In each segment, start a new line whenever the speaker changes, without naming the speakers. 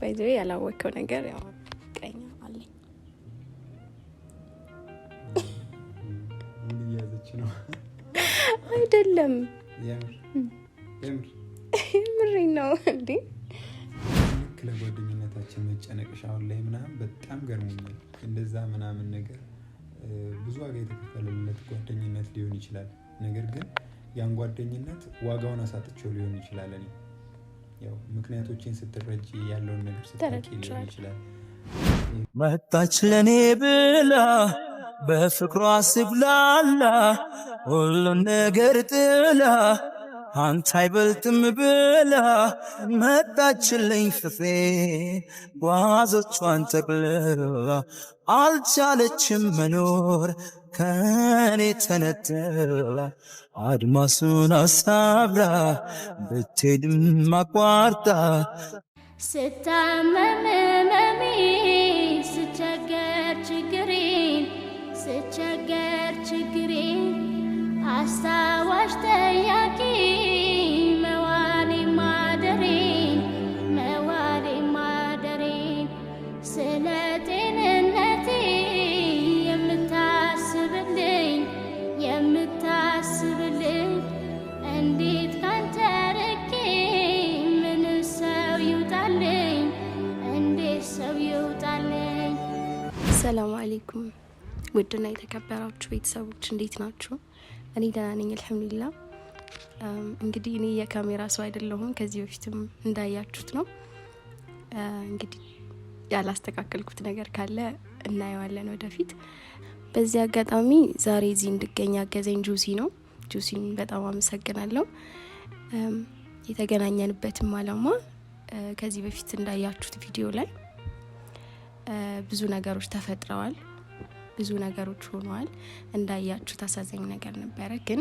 ባይዘ ያላወቀው ነገር ያው ቀኛ አለኝ አይደለም፣ የምሬ ነው እንዴ።
ለጓደኝነታችን መጨነቅሽ አሁን ላይ ምናምን በጣም ገርሞኛል። እንደዛ ምናምን ነገር ብዙ ዋጋ የተከፈለለት ጓደኝነት ሊሆን ይችላል። ነገር ግን ያን ጓደኝነት ዋጋውን አሳጥቸው ሊሆን ይችላል እኔ ምክንያቶችን ስትረጂ ያለውን ነገር ስታቂ ሊሆን ይችላል። መጣች ለኔ ብላ በፍቅሯ ስብላላ ሁሉን ነገር ጥላ አንተ አይበልጥም ብላ መጣችልኝ ፍፌ ጓዞቿን ጠቅልላ አልቻለችም መኖር ከእኔ ተነጥላ አድማሱን አሳብራ ብትሄድም አቋርጣ ስታመም
ስቸገር ችግሬን ስቸገር ችግሬን አስታዋሽ ጠያቂ ሰላም አሌይኩም ውድና የተከበራችሁ ቤተሰቦች እንዴት ናችሁ? እኔ ደህና ነኝ አልሐምዱሊላ። እንግዲህ እኔ የካሜራ ሰው አይደለሁም። ከዚህ በፊትም እንዳያችሁት ነው። እንግዲህ ያላስተካከልኩት ነገር ካለ እናየዋለን ወደፊት። በዚህ አጋጣሚ ዛሬ እዚህ እንድገኝ ያገዘኝ ጁሲ ነው። ጁሲን በጣም አመሰግናለሁ። የተገናኘንበትም አላማ ከዚህ በፊት እንዳያችሁት ቪዲዮ ላይ ብዙ ነገሮች ተፈጥረዋል፣ ብዙ ነገሮች ሆነዋል። እንዳያችሁ ታሳዘኝ ነገር ነበረ ግን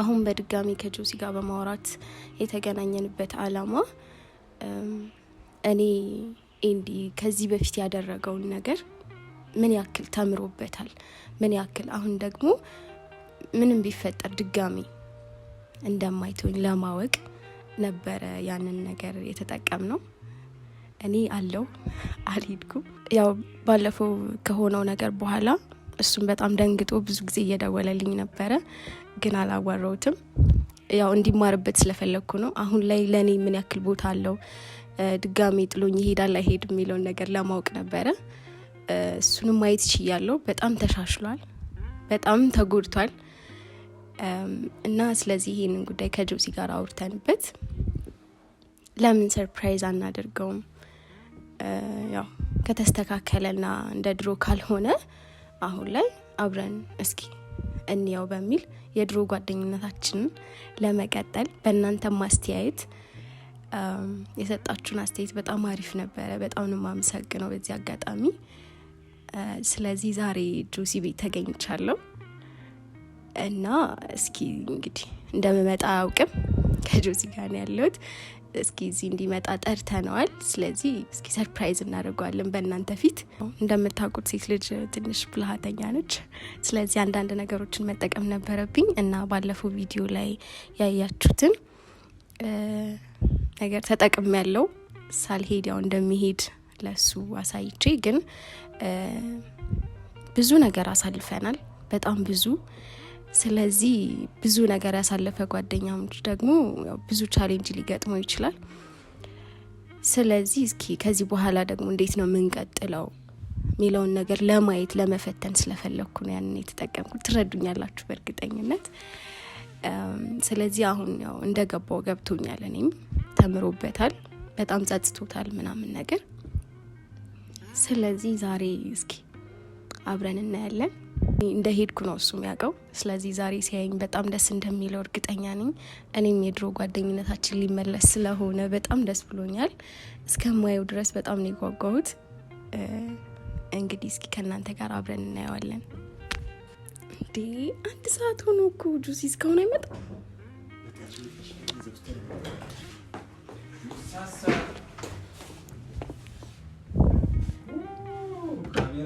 አሁን በድጋሚ ከጆሲ ጋር በማውራት የተገናኘንበት አላማ እኔ ኤንዲ ከዚህ በፊት ያደረገውን ነገር ምን ያክል ተምሮበታል፣ ምን ያክል አሁን ደግሞ ምንም ቢፈጠር ድጋሚ እንደማይተወኝ ለማወቅ ነበረ ያንን ነገር የተጠቀም ነው። እኔ አለው አልሄድኩም። ያው ባለፈው ከሆነው ነገር በኋላ እሱም በጣም ደንግጦ ብዙ ጊዜ እየደወለልኝ ነበረ፣ ግን አላዋረውትም። ያው እንዲማርበት ስለፈለግኩ ነው። አሁን ላይ ለእኔ ምን ያክል ቦታ አለው ድጋሜ ጥሎኝ ይሄዳል አይሄድ የሚለውን ነገር ለማወቅ ነበረ። እሱንም ማየት ችያለው። በጣም ተሻሽሏል፣ በጣም ተጎድቷል። እና ስለዚህ ይህንን ጉዳይ ከጆሲ ጋር አውርተንበት ለምን ሰርፕራይዝ አናደርገውም ያው ከተስተካከለና እንደ ድሮ ካልሆነ አሁን ላይ አብረን እስኪ እንየው በሚል የድሮ ጓደኝነታችንን ለመቀጠል በእናንተ አስተያየት የሰጣችሁን አስተያየት በጣም አሪፍ ነበረ። በጣም ነው በዚህ አጋጣሚ። ስለዚህ ዛሬ ጁሲ ቤት ተገኝቻለሁ እና እስኪ እንግዲህ እንደምመጣ አያውቅም ከጆሲ ጋር ያለሁት። እስኪ እዚህ እንዲመጣ ጠርተነዋል። ስለዚህ እስኪ ሰርፕራይዝ እናደርገዋለን በእናንተ ፊት። እንደምታውቁት ሴት ልጅ ትንሽ ብልሃተኛ ነች። ስለዚህ አንዳንድ ነገሮችን መጠቀም ነበረብኝ እና ባለፈው ቪዲዮ ላይ ያያችሁትን ነገር ተጠቅም ያለው ሳልሄድ ያው እንደሚሄድ ለሱ አሳይቼ ግን ብዙ ነገር አሳልፈናል። በጣም ብዙ ስለዚህ ብዙ ነገር ያሳለፈ ጓደኛሞች ደግሞ ብዙ ቻሌንጅ ሊገጥመው ይችላል። ስለዚህ እስኪ ከዚህ በኋላ ደግሞ እንዴት ነው የምንቀጥለው የሚለውን ነገር ለማየት ለመፈተን ስለፈለግኩ ነው ያንን የተጠቀምኩ። ትረዱኛላችሁ በእርግጠኝነት። ስለዚህ አሁን ያው እንደገባው ገብቶኛል። እኔም ተምሮበታል፣ በጣም ጸጽቶታል ምናምን ነገር። ስለዚህ ዛሬ እስኪ አብረን እናያለን። እንደ ሄድኩ ነው እሱም ያውቀው። ስለዚህ ዛሬ ሲያየኝ በጣም ደስ እንደሚለው እርግጠኛ ነኝ። እኔም የድሮ ጓደኝነታችን ሊመለስ ስለሆነ በጣም ደስ ብሎኛል። እስከማየው ድረስ በጣም ነው የጓጓሁት። እንግዲህ እስኪ ከእናንተ ጋር አብረን እናየዋለን። እንዴ አንድ ሰዓት ሆኖ እኮ ጁሲ እስካሁን አይመጣም።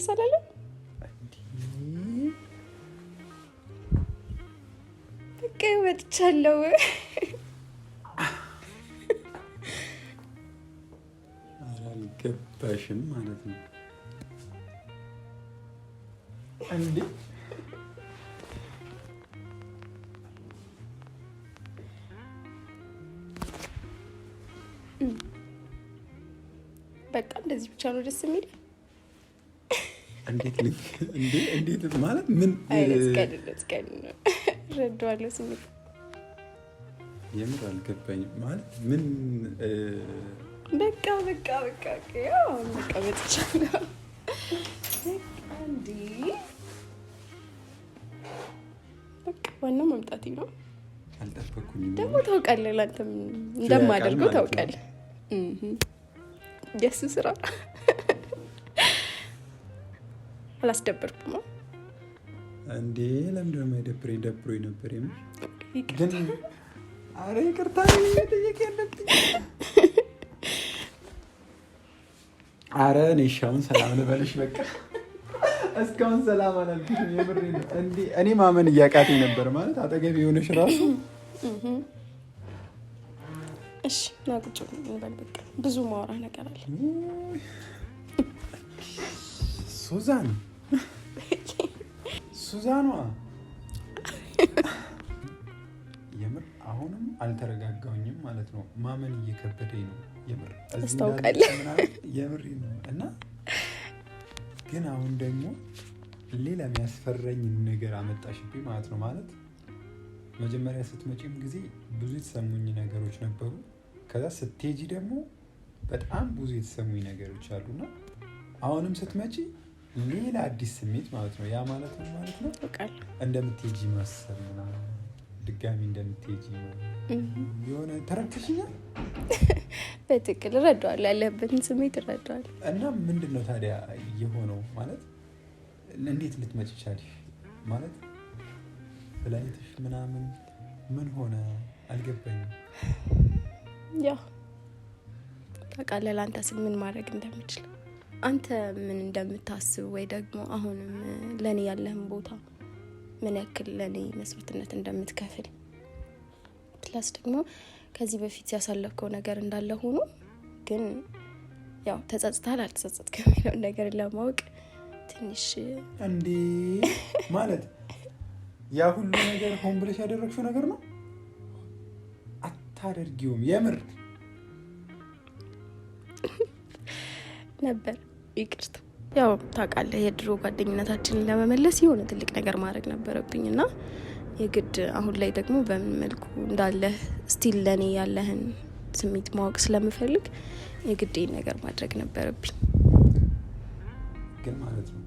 ደስ አላለም? በቃ መጥቻለሁ።
አልገባሽም ማለት ነው እንዴ?
በቃ እንደዚህ ብቻ ነው ደስ የሚል
እንዴት እንዴት ማለት ምን
ረዳዋለሁ ስሜት
የምር አልገባኝም። ማለት ምን
በቃ በቃ በቃ ያው መቀመጥ ይቻላል። በቃ ዋናው መምጣቴ ነው።
አልጠበኩኝም።
ደግሞ ታውቃለህ፣ ለአንተም እንደማደርገው ታውቃለህ የእሱ ስራ አላስደበርኩም?
እንዴ ለምንድን ነው የደብረኝ? ደብሮኝ ነበር
የምር ግን
አረ ይቅርታ ጠየቅ ያለብኝ። አረ እኔ አሁን ሰላም ልበልሽ። በቃ እስካሁን ሰላም አላልኩሽም። የምር እኔ ማመን እያቃተኝ ነበር። ማለት አጠገብ የሆነሽ ራሱ
እሺ፣ ና ቁጭ በል በቃ ብዙ ማውራ ነገር አለ
ሱዛን ሱዛኗ የምር አሁንም አልተረጋጋውኝም ማለት ነው። ማመን እየከበደኝ ነው የምር
አስታውቃለህ።
የምር ነው እና ግን አሁን ደግሞ ሌላ የሚያስፈራኝ ነገር አመጣሽብኝ ማለት ነው። ማለት መጀመሪያ ስትመጪም ጊዜ ብዙ የተሰሙኝ ነገሮች ነበሩ። ከዛ ስትሄጂ ደግሞ በጣም ብዙ የተሰሙኝ ነገሮች አሉና አሁንም ስትመጪ ሌላ አዲስ ስሜት ማለት ነው። ያ ማለት ነው ማለት ነው እንደምትሄጂ መሰል ምናምን ድጋሚ እንደምትሄጂ የሆነ ተረድተሽኛል።
በትክክል እረዳዋለሁ፣ ያለህበትን ስሜት እረዳዋለሁ።
እና ምንድን ነው ታዲያ የሆነው ማለት እንዴት ልትመጪ ቻልሽ? ማለት ብላይትሽ ምናምን ምን ሆነ አልገባኝም።
ያው ታውቃለህ፣ ለአንተ ስል ምን ማድረግ እንደምችል አንተ ምን እንደምታስብ ወይ ደግሞ አሁንም ለእኔ ያለህን ቦታ ምን ያክል ለእኔ መስዋዕትነት እንደምትከፍል ፕላስ ደግሞ ከዚህ በፊት ያሳለፍከው ነገር እንዳለ ሆኖ ግን ያው ተጸጽታል አልተጸጸት ከሚለው ነገር ለማወቅ ትንሽ
እንዴ ማለት ያ ሁሉ ነገር ሆን ብለሽ ያደረግሽው ነገር ነው። አታደርጊውም የምር
ነበር ይቅርታ ያው ታውቃለህ የድሮ ጓደኝነታችንን ለመመለስ የሆነ ትልቅ ነገር ማድረግ ነበረብኝ እና የግድ አሁን ላይ ደግሞ በምን መልኩ እንዳለህ ስቲል ለእኔ ያለህን ስሜት ማወቅ ስለምፈልግ የግድ ይህን ነገር ማድረግ ነበረብኝ።
ግን ማለት ነው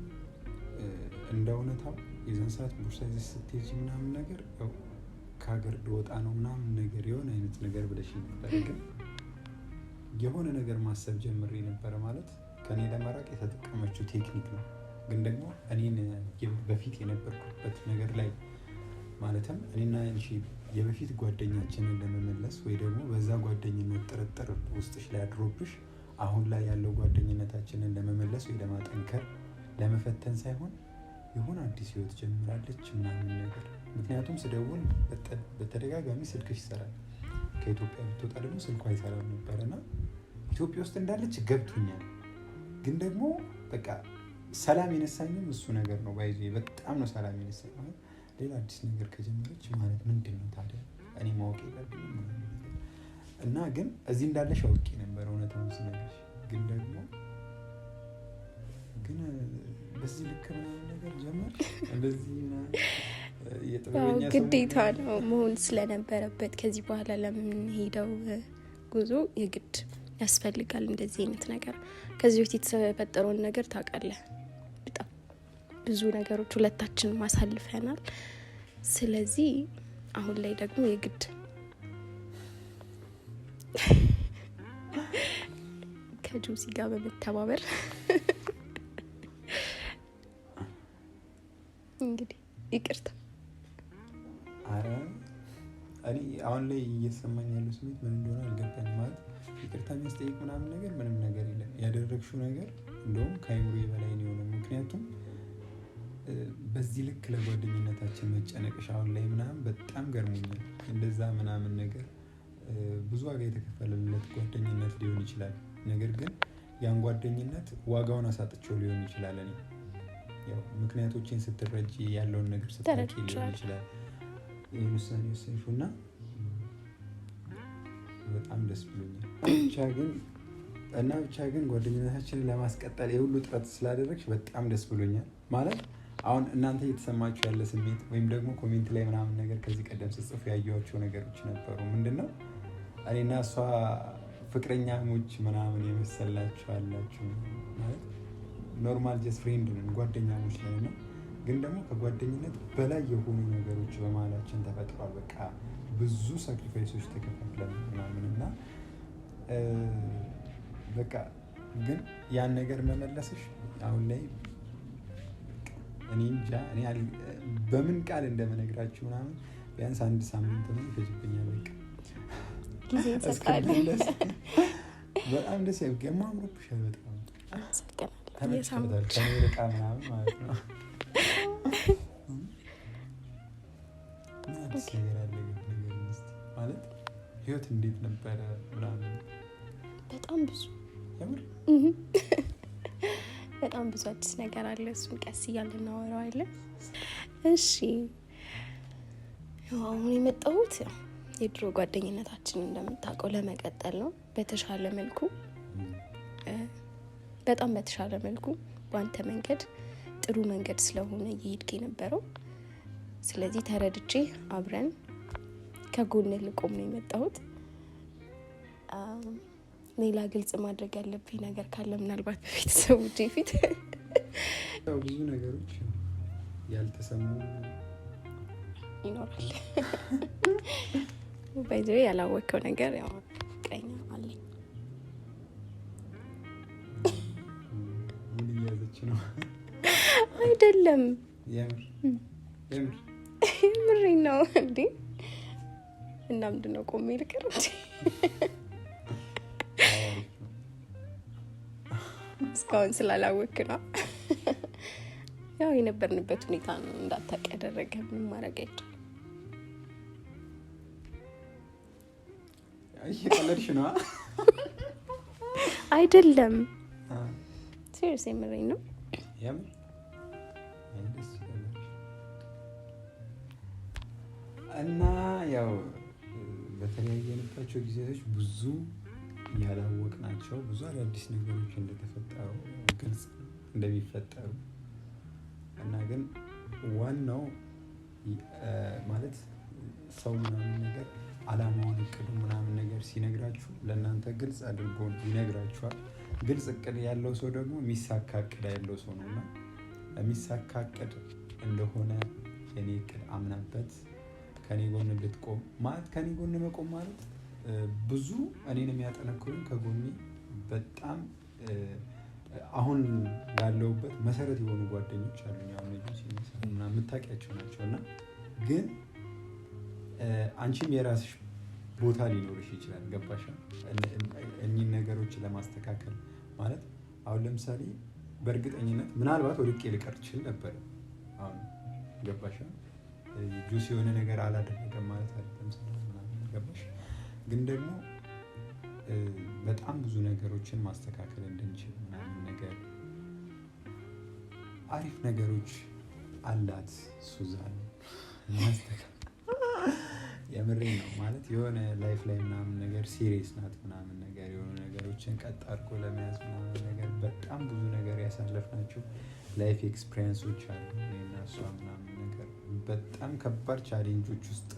እንደ እውነታው የዛን ሰዓት ቦርሳ ይዘሽ ስትሄጂ ምናምን ነገር ያው ከሀገር ልወጣ ነው ምናምን ነገር የሆነ አይነት ነገር ብለሽ ነበር። ግን የሆነ ነገር ማሰብ ጀምሬ ነበረ ማለት ከእኔ ለማራቅ የተጠቀመችው ቴክኒክ ነው። ግን ደግሞ እኔን በፊት የነበርኩበት ነገር ላይ ማለትም እኔና አንቺ የበፊት ጓደኛችንን ለመመለስ ወይ ደግሞ በዛ ጓደኝነት ጥርጥር ውስጥሽ ላይ አድሮብሽ አሁን ላይ ያለው ጓደኝነታችንን ለመመለስ ወይ ለማጠንከር ለመፈተን ሳይሆን የሆነ አዲስ ህይወት ጀምራለች ምናምን ነገር። ምክንያቱም ስደውል በተደጋጋሚ ስልክሽ ይሰራል። ከኢትዮጵያ ብትወጣ ደግሞ ስልኳ አይሰራም ነበርና ኢትዮጵያ ውስጥ እንዳለች ገብቶኛል። ግን ደግሞ በቃ ሰላም የነሳኝም እሱ ነገር ነው። ባይ በጣም ነው ሰላም የነሳኝ። ማለት ሌላ አዲስ ነገር ከጀመረች ማለት ምንድን ነው ታዲያ እኔ ማወቅ የለብኝም እና ግን እዚህ እንዳለሽ አውቄ ነበር እውነት ነው ስነግርሽ፣ ግን ደግሞ ግን በዚህ ልክ ምናምን ነገር ጀመርሽ እንደዚህ
ግዴታ ነው መሆን ስለነበረበት ከዚህ በኋላ ለምንሄደው ጉዞ የግድ ያስፈልጋል እንደዚህ አይነት ነገር። ከዚህ በፊት የተፈጠረውን ነገር ታውቃለህ። በጣም ብዙ ነገሮች ሁለታችን ማሳልፈናል። ስለዚህ አሁን ላይ ደግሞ የግድ ከጁሲ ጋር በመተባበር እንግዲህ ይቅርታ
እኔ አሁን ላይ እየተሰማኝ ያለው ስሜት ምን እንደሆነ አልገባኝ። ማለት ይቅርታ የሚያስጠይቅ ምናምን ነገር ምንም ነገር የለም። ያደረግሽው ነገር እንደውም ከአይምሮ የበላይ ነው የሆነው። ምክንያቱም በዚህ ልክ ለጓደኝነታችን መጨነቅሽ አሁን ላይ ምናምን በጣም ገርሞኛል። እንደዛ ምናምን ነገር ብዙ ዋጋ የተከፈለለት ጓደኝነት ሊሆን ይችላል። ነገር ግን ያን ጓደኝነት ዋጋውን አሳጥቼው ሊሆን ይችላል። እኔ ያው ምክንያቶችን ስትረጂ ያለውን ነገር ስታቂ ሊሆን ይችላል የምሳሌ ወሰንሹ እና በጣም ደስ ብሎኛል። ብቻ ግን እና ብቻ ግን ጓደኝነታችንን ለማስቀጠል የሁሉ ጥረት ስላደረግሽ በጣም ደስ ብሎኛል። ማለት አሁን እናንተ እየተሰማችሁ ያለ ስሜት ወይም ደግሞ ኮሜንት ላይ ምናምን ነገር ከዚህ ቀደም ስጽፉ ያየኋቸው ነገሮች ነበሩ። ምንድን ነው እኔና እሷ ፍቅረኛ ፍቅረኛሞች ምናምን የመሰላችሁ አላችሁ። ማለት ኖርማል ጀስት ፍሬንድ ነን ጓደኛሞች ላይ ነው ግን ደግሞ ከጓደኝነት በላይ የሆኑ ነገሮች በመሀላችን ተፈጥሯል። በቃ ብዙ ሳክሪፋይሶች ተከፈለን ምናምን እና በቃ ግን ያን ነገር መመለስሽ አሁን ላይ እኔ እንጃ እኔ በምን ቃል እንደምነግራችሁ ምናምን ቢያንስ አንድ ሳምንት ነው ይፈጅብኛል።
በቃ ጊዜ
በጣም ደስ ያማምሮብሻል በጣም ተመችቶታል ከኔ ምናምን ማለት ነው ማለት ህይወት እንዴት ነበረ?
በጣም ብዙ በጣም ብዙ አዲስ ነገር አለ። እሱም ቀስ እያለ እናወራዋለን። እሺ አሁን የመጣሁት የድሮ ጓደኝነታችንን እንደምታውቀው ለመቀጠል ነው። በተሻለ መልኩ በጣም በተሻለ መልኩ በአንተ መንገድ ጥሩ መንገድ ስለሆነ እየሄድክ የነበረው። ስለዚህ ተረድቼ አብረን ከጎን ልቆም ነው የመጣሁት። ሌላ ግልጽ ማድረግ ያለብኝ ነገር ካለ ምናልባት በቤተሰቦቼ ፊት
ብዙ ነገሮች ያልተሰሙ
ይኖራል። በዚ ያላወቅከው ነገር ያው ቀኝ አለኝ ነው የለም። ምሬ ነው እንዴ? እና ምንድን ነው ቆሜ ልቅር እስካሁን ስላላወክ ነው። ያው የነበርንበት ሁኔታ ነው እንዳታቅ ያደረገ። ምን ማድረግ አይቻልም። እየቀለድሽ አይደለም? ሲሪየስ የምረኝ ነው።
እና ያው በተለያየንባቸው ጊዜያቶች ብዙ ያላወቅናቸው ብዙ አዳዲስ ነገሮች እንደተፈጠሩ ግልጽ እንደሚፈጠሩ እና ግን ዋናው ማለት ሰው ምናምን ነገር አላማውን እቅዱ ምናምን ነገር ሲነግራችሁ ለእናንተ ግልጽ አድርጎ ይነግራችኋል። ግልጽ እቅድ ያለው ሰው ደግሞ የሚሳካ እቅድ ያለው ሰው ነው እና የሚሳካ እቅድ እንደሆነ የኔ እቅድ አምናበት ከኔ ጎን ልትቆም ማለት ከኔ ጎን መቆም ማለት ብዙ እኔን የሚያጠነክሩኝ ከጎኔ በጣም አሁን ላለውበት መሰረት የሆኑ ጓደኞች አሉኝ። አሁን የምታውቂያቸው ናቸው እና ግን አንቺም የራስሽ ቦታ ሊኖርሽ ይችላል። ገባሻ? እኚህን ነገሮች ለማስተካከል ማለት አሁን ለምሳሌ በእርግጠኝነት ምናልባት ወድቄ ልቀር ችል ነበር። አሁን ገባሻ? ጁስ የሆነ ነገር አላደረገም ማለት አይደለም። ገባሽ? ግን ደግሞ በጣም ብዙ ነገሮችን ማስተካከል እንድንችል ምናምን ነገር አሪፍ ነገሮች አላት ሱዛን። የምሬ ነው ማለት የሆነ ላይፍ ላይ ምናምን ነገር ሲሪየስ ናት ምናምን ነገር የሆኑ ነገሮችን ቀጥ አድርጎ ለመያዝ ምናምን ነገር በጣም ብዙ ነገር ያሳለፍናቸው ላይፍ ኤክስፒሪየንሶች አሉ እና እሷ ምናምን በጣም ከባድ ቻሌንጆች ውስጥ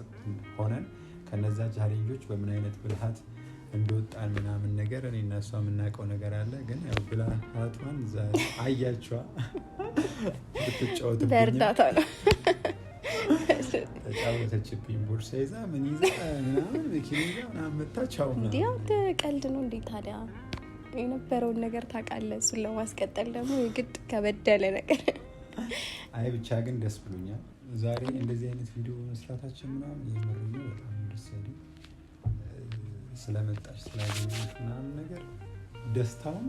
ሆነን ከነዛ ቻሌንጆች በምን አይነት ብልሃት እንደወጣን ምናምን ነገር እኔ እና እሷ የምናውቀው ነገር አለ። ግን ያው ብልሃቷን አያቸዋ ብትጫወት
በእርዳታ ነው
ተጫወተችብኝ። ቦርሳ ይዛ ምን ይዛ ምናምን መኪና ይዛ ምናምን መታቻው
ቀልድ ነው እንዴ ታዲያ? የነበረውን ነገር ታውቃለህ። እሱን ለማስቀጠል ደግሞ የግድ ከበደለ ነገር
አይ ብቻ ግን ደስ ብሎኛል። ዛሬ እንደዚህ አይነት ቪዲዮ መስራታችን ምናምን የምር በጣም ደስ ያለኝ ስለመጣሽ ስላገኘች ምናምን ነገር ደስታውን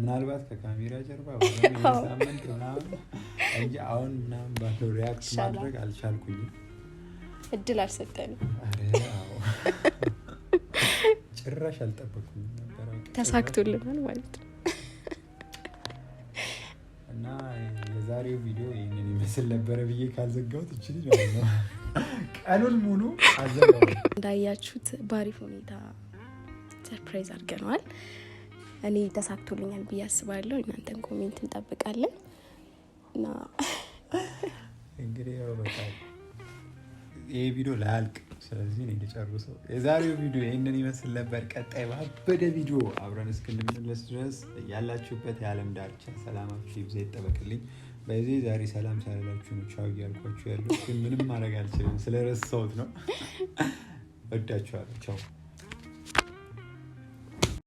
ምናልባት ከካሜራ ጀርባ ሳምንት ምናምን እንጂ አሁን ምናምን ባለው ሪያክት ማድረግ አልቻልኩኝም።
እድል አልሰጠንም።
ጭራሽ አልጠበኩም ነበረ።
ተሳክቶልናል ማለት ነው።
የዛሬው ቪዲዮ ይህንን ይመስል ነበረ ብዬ ካልዘጋሁት እችል ነው ቀኑን ሙሉ አዘጋው።
እንዳያችሁት በአሪፍ ሁኔታ ሰርፕራይዝ አድርገነዋል። እኔ ተሳክቶልኛል ብዬ አስባለሁ። እናንተን ኮሜንት እንጠብቃለን እና
እንግዲህ ያው በቃ ይሄ ቪዲዮ ላያልቅ፣ ስለዚህ እኔ ልጨርሰው። የዛሬው ቪዲዮ ይህንን ይመስል ነበር። ቀጣይ ባበደ ቪዲዮ አብረን እስክንመለስ ድረስ ያላችሁበት የዓለም ዳርቻ ሰላማችሁ ይብዛ፣ ይጠበቅልኝ። በዚህ ዛሬ ሰላም ሳላላችሁ ነው ቻው እያልኳችሁ ያለው፣ ግን ምንም ማድረግ አልችልም ስለረሳሁት ነው። ወዳችኋለሁ። ቻው